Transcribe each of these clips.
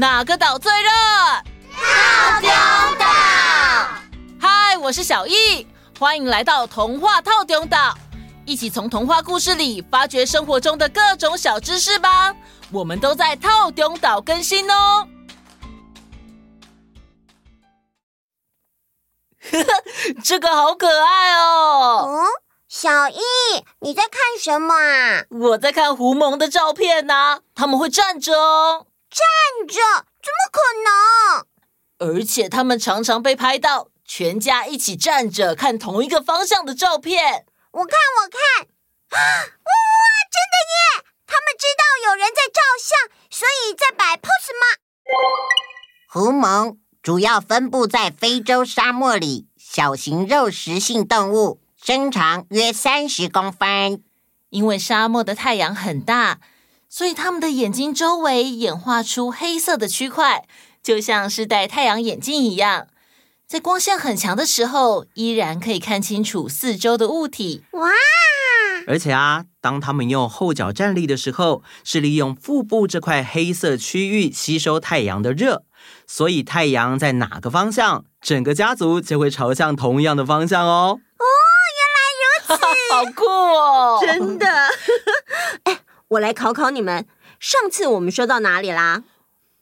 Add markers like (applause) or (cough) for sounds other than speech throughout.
哪個島最熱？套鼎島。嗨，我是小易，歡迎來到童話套鼎島，一起從童話故事裡發掘生活中的各種小知識吧。我們都在套鼎島更新哦。呵呵，這個好可愛哦。哦，小易，你在看什麼啊？我在看狐獴的照片啊，他們會站着哦。站着？怎麼可能？而且他們常常被拍到全家一起站着看同一個方向的照片。我看，我看，啊，哇，真的耶！他們知道有人在照相，所以在擺 pose 嗎？狐獴主要分佈在非洲沙漠裡，小型肉食性動物，身長約三十公分。因為沙漠的太陽很大，所以他們的眼睛周圍演化出黑色的區塊，就像是戴太陽眼鏡一樣，在光線很強的時候，依然可以看清楚四周的物體。哇！而且啊，當他們用後腳站立的時候，是利用腹部這塊黑色區域吸收太陽的熱。所以太陽在哪個方向，整個家族就會朝向同樣的方向哦。哦，原來如此， (laughs) 好酷哦！真的。 (laughs) 我來考考你們，上次我們說到哪裡啦？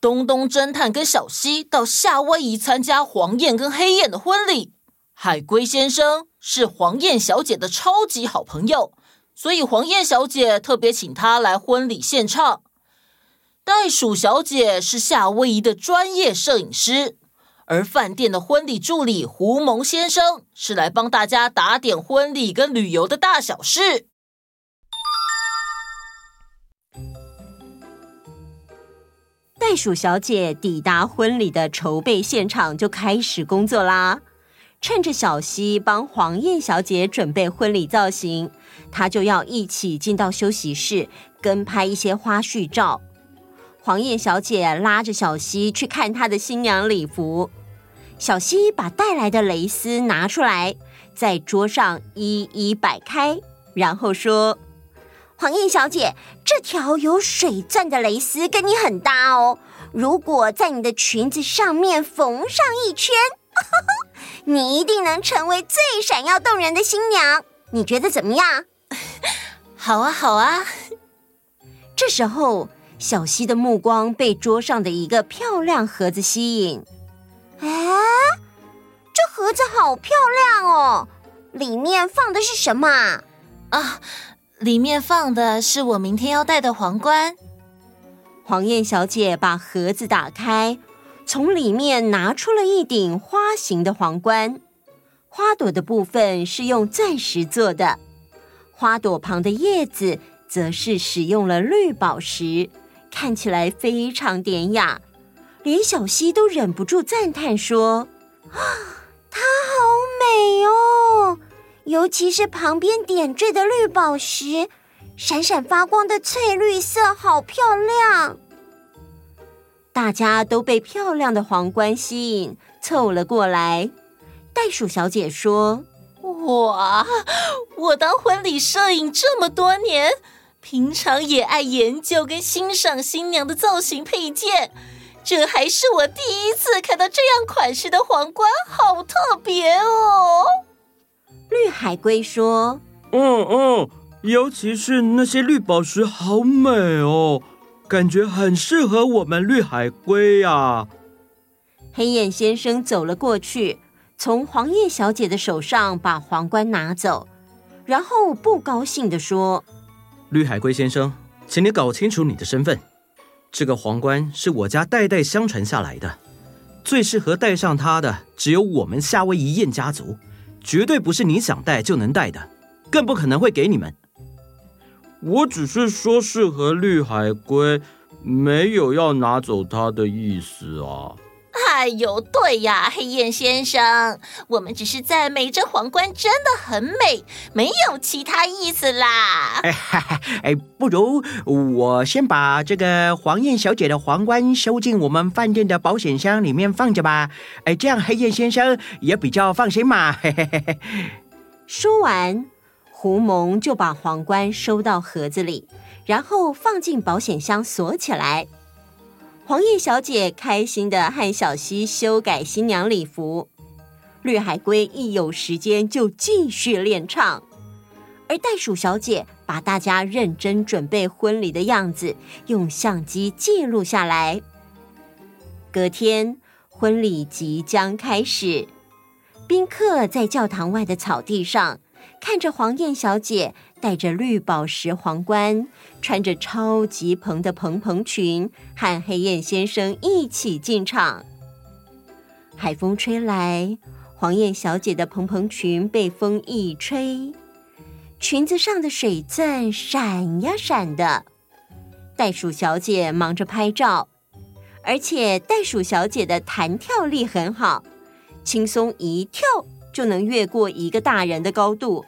東東偵探跟小西到夏威夷參加黃雁跟黑雁的婚禮。海龜先生是黃雁小姐的超級好朋友，所以黃雁小姐特別請他來婚禮獻唱。袋鼠小姐是夏威夷的專業攝影師，而飯店的婚禮助理狐獴先生是來幫大家打點婚禮跟旅遊的大小事。袋鼠小姐抵達婚禮的籌備現場，就開始工作啦。趁着小西幫黃雁小姐準備婚禮造型，她就要一起進到休息室，跟拍一些花絮照。黃雁小姐拉着小西去看她的新娘禮服，小西把帶來的蕾絲拿出來，在桌上一一擺開，然後說。黃雁小姐，這條有水鑽的蕾絲跟你很搭哦。如果在你的裙子上面縫上一圈，呵呵，你一定能成為最閃耀動人的新娘。你覺得怎麼樣？好啊，好啊。這時候，小溪的目光被桌上的一個漂亮盒子吸引。哎、啊，這盒子好漂亮哦！裡面放的是什麼啊？裡面放的是我明天要戴的皇冠。黃燕小姐把盒子打開，從裡面拿出了一頂花形的皇冠。花朵的部分是用鑽石做的，花朵旁的葉子則是使用了綠寶石，看起來非常典雅。連小溪都忍不住讚嘆說：“啊，它好美哦！”尤其是旁邊點綴的綠寶石，閃閃發光的翠綠色，好漂亮！大家都被漂亮的皇冠吸引，湊了過來。袋鼠小姐說：“哇，我當婚禮攝影這麼多年，平常也愛研究跟欣賞新娘的造型配件，這還是我第一次看到這樣款式的皇冠，好特別哦！”綠海龜說：“嗯嗯、哦哦，尤其是那些綠寶石，好美哦，感覺很適合我們綠海龜呀、啊。”黑眼先生走了過去，從黃雁小姐的手上把皇冠拿走，然後不高興地說：“綠海龜先生，請你搞清楚你的身份。這個皇冠是我家代代相傳下來的，最適合戴上它的只有我們夏威夷雁家族。”絕對不是你想帶就能帶的，更不可能會給你們。我只是說適合綠海龜，沒有要拿走它的意思啊。哎呦，對呀，黑雁先生，我們只是讚美這皇冠真的很美，沒有其他意思啦。哎，不如我先把這個黃雁小姐的皇冠收進我們飯店的保險箱裡面放着吧。哎，這樣黑雁先生也比較放心嘛。嘿嘿嘿。說完，狐獴就把皇冠收到盒子裡，然後放進保險箱鎖起來。黃雁小姐開心地和小溪修改新娘禮服，綠海龜一有時間就繼續練唱，而袋鼠小姐把大家認真準備婚禮的樣子用相機記錄下來。隔天，婚禮即將開始，賓客在教堂外的草地上看着黃雁小姐，帶着綠寶石皇冠，穿着超級蓬的蓬蓬裙，和黑雁先生一起進場。海風吹來，黃雁小姐的蓬蓬裙被風一吹，裙子上的水鑽閃呀閃的。袋鼠小姐忙着拍照，而且袋鼠小姐的彈跳力很好，輕鬆一跳就能越過一個大人的高度。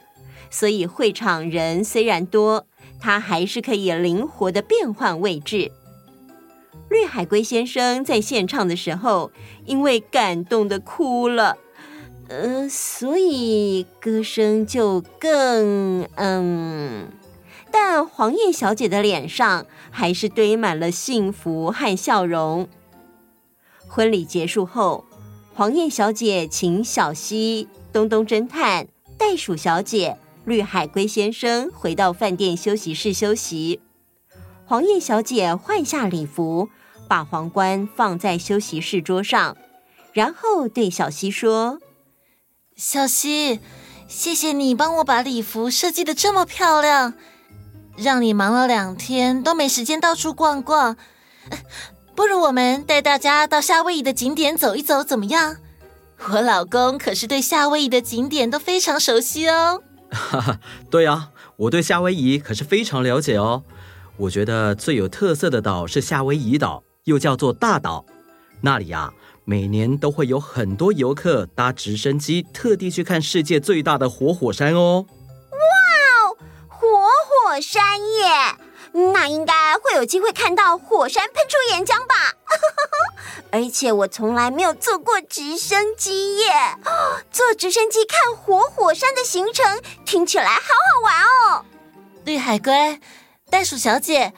所以會場人雖然多，他還是可以靈活的變換位置。綠海龜先生在獻唱的時候，因為感動的哭了，呃，所以歌聲就更嗯。但黃雁小姐的臉上還是堆滿了幸福和笑容。婚禮結束後，黃雁小姐請小溪、東東偵探、袋鼠小姐。綠海龜先生回到飯店休息室休息，黃雁小姐換下禮服，把皇冠放在休息室桌上，然後對小西說：“小西，謝謝你幫我把禮服設計的這麼漂亮，讓你忙了兩天都沒時間到處逛逛。呃，不如我們帶大家到夏威夷的景點走一走，怎麼樣？我老公可是對夏威夷的景點都非常熟悉哦。”哈哈， (laughs) 對呀、啊，我對夏威夷可是非常了解哦。我覺得最有特色的島是夏威夷島，又叫做大島。那裡啊，每年都會有很多遊客搭直升機特地去看世界最大的活火、火山哦。哇，哦，活火山耶！那應該會有機會看到火山噴出岩漿吧？ (laughs) 而且我從來沒有坐過直升機耶！坐直升機看活火、火山的行程，聽起來好好玩哦。綠海龜、袋鼠小姐，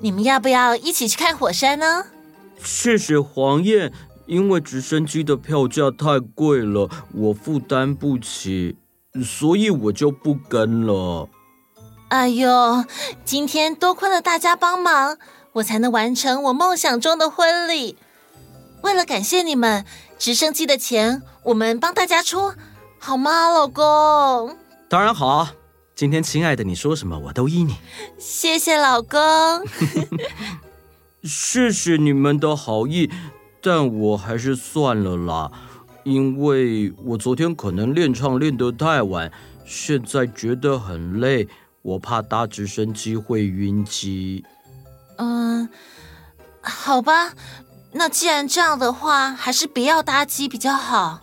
你們要不要一起去看火山呢？謝謝黃雁，因為直升機的票價太貴了，我負擔不起，所以我就不跟了。哎呦，今天多虧了大家幫忙，我才能完成我夢想中的婚禮。為了感謝你們，直升機的錢我們幫大家出，好嗎，老公？當然好，今天親愛的你說什麼我都依你。謝謝老公，謝謝 (laughs) (laughs) 你們的好意，但我還是算了啦，因為我昨天可能練唱練得太晚，現在覺得很累，我怕搭直升機會暈機。嗯，好吧。那既然這樣的話，還是不要搭機比較好。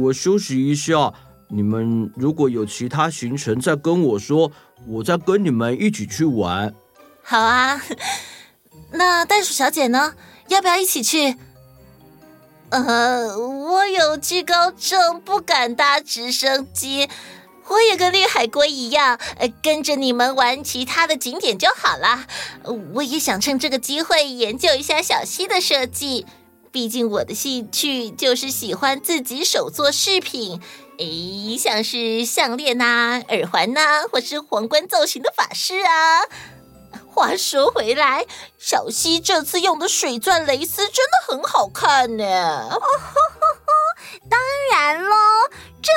我休息一下，你們如果有其他行程，再跟我說，我再跟你們一起去玩。好啊，那袋鼠小姐呢？要不要一起去？呃，我有懼高症，不敢搭直升機。我也跟綠海龜一樣，呃，跟着你們玩其他的景點就好了、呃。我也想趁這個機會研究一下小溪的設計，畢竟我的興趣就是喜歡自己手做飾品，誒，像是項鏈吶、啊、耳環吶、啊，或是皇冠造型的髮飾啊。話說回來，小溪這次用的水鑽蕾絲真的很好看呢。哦，呵呵呵，當然嘍。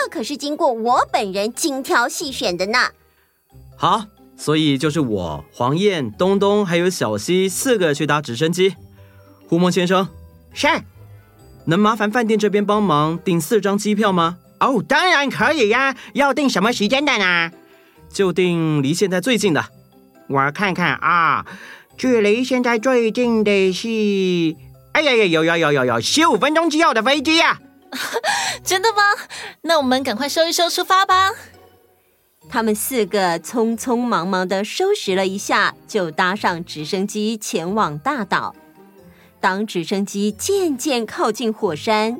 可是經過我本人精挑細選的呢。好，所以就是我、黃雁、東東還有小溪四個去搭直升機。狐獴先生，是，能麻煩飯店這邊幫忙訂四張機票嗎？哦，當然可以呀、啊。要訂什麼時間的呢？就訂離現在最近的。我看看啊，距離現在最近的是……哎呀呀，有有有有有，十五分鐘之後的飛機呀、啊！ (laughs) 真的嗎？那我們趕快收一收，出發吧！他們四個匆匆忙忙的收拾了一下，就搭上直升機前往大島。當直升機漸漸靠近火山，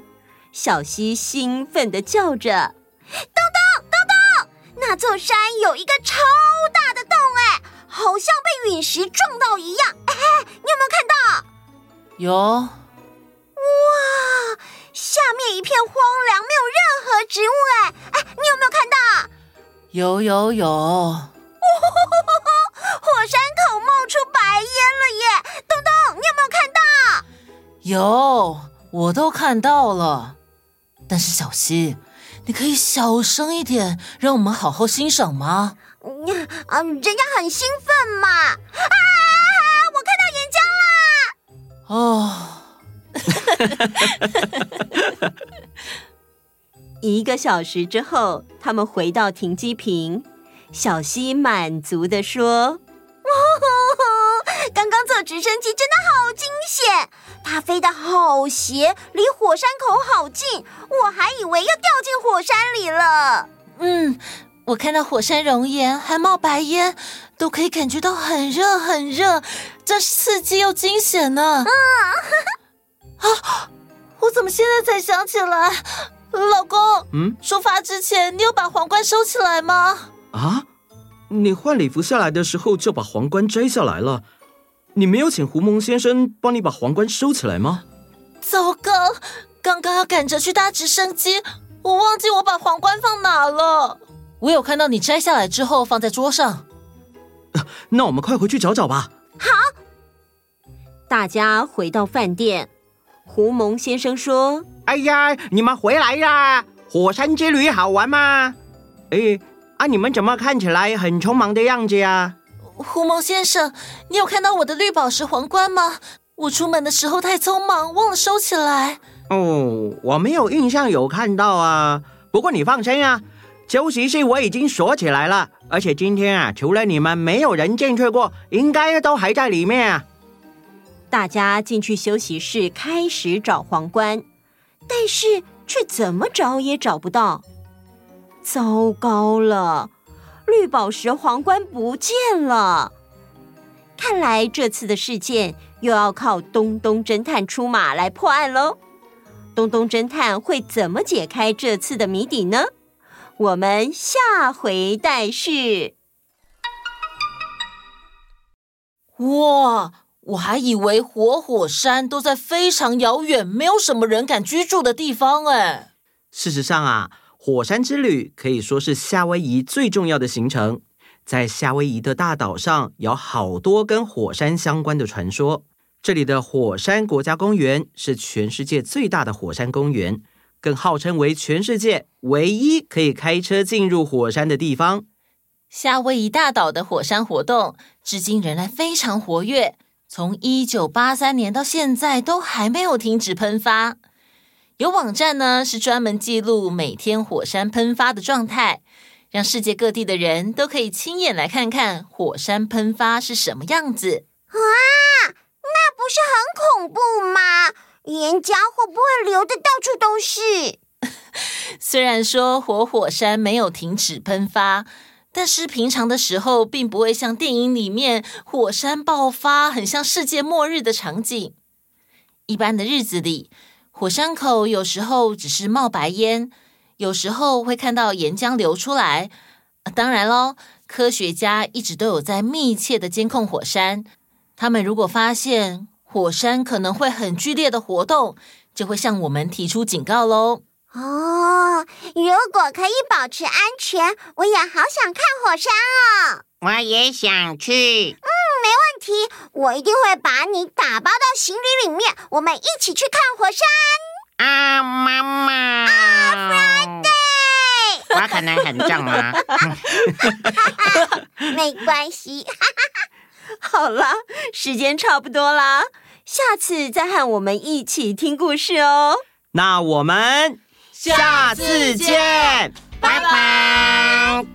小溪興奮的叫着：“東東東東！那座山有一個超大的洞，哎，好像被隕石撞到一樣！哎，你有沒有看到？”有。一片荒涼，沒有任何植物。哎，你有沒有看到？有有有！哦，火山口冒出白煙了耶，東東你有沒有看到？有，我都看到了。但是小西，你可以小聲一點，讓我們好好欣賞嗎？嗯嗯，人家很興奮嘛！啊，我看到岩漿了！哦。 (laughs) (laughs) 一個小時之後，他們回到停機坪。小西滿足地說，哦：“剛剛坐直升機真的好驚險，它飛得好斜，離火山口好近，我還以為要掉進火山裡了。”嗯，我看到火山熔岩還冒白煙，都可以感覺到很熱很熱，真是刺激又驚險呢。 (laughs) 啊！我怎麼現在才想起來，老公？嗯，出發之前你有把皇冠收起來嗎？啊！你換禮服下來的時候就把皇冠摘下來了。你沒有請狐獴先生幫你把皇冠收起來嗎？糟糕！剛剛要趕着去搭直升機，我忘記我把皇冠放哪了。我有看到你摘下來之後放在桌上。啊，那我們快回去找找吧。好哈，大家回到飯店。狐獴先生說：“哎呀，你們回來啦！火山之旅好玩嗎？哎，啊，你們怎麼看起來很匆忙的樣子呀、啊？”狐獴先生，你有看到我的綠寶石皇冠嗎？我出門的時候太匆忙，忘了收起來。哦，我沒有印象有看到啊。不過你放心啊，休息室我已經鎖起來了，而且今天啊，除了你們，沒有人進去過，應該都還在裡面、啊。大家進去休息室開始找皇冠，但是卻怎麼找也找不到。糟糕了，綠寶石皇冠不見了！看來這次的事件又要靠東東偵探出馬來破案嘍。東東偵探會怎麼解開這次的謎底呢？我們下回再續。哇！我還以為活火，火山都在非常遙遠，沒有什麼人敢居住的地方哎。事實上啊，火山之旅可以說是夏威夷最重要的行程。在夏威夷的大島上有好多跟火山相關的傳說。這裡的火山國家公園是全世界最大的火山公園，更號稱為全世界唯一可以開車進入火山的地方。夏威夷大島的火山活動至今仍然非常活躍。從一九八三年到現在都還沒有停止噴發。有網站呢，是專門記錄每天火山噴發的狀態，讓世界各地的人都可以親眼來看看火山噴發是什麼樣子。哇，那不是很恐怖嗎？岩漿會不會流得到處都是？ (laughs) 雖然說活火，火山沒有停止噴發。但是平常的時候，並不會像電影裡面火山爆發，很像世界末日的場景。一般的日子裡，火山口有時候只是冒白煙，有時候會看到岩漿流出來。啊，當然嘍，科學家一直都有在密切的監控火山，他們如果發現火山可能會很劇烈的活動，就會向我們提出警告嘍。哦，如果可以保持安全，我也好想看火山哦。我也想去。嗯，沒問題，我一定會把你打包到行李裡面，我們一起去看火山。啊，媽媽。啊，Friday。我可能很重嗎？ (laughs) 沒關係。 (laughs) 好了，時間差不多了，下次再和我們一起聽故事哦。那我們。下次見，拜拜。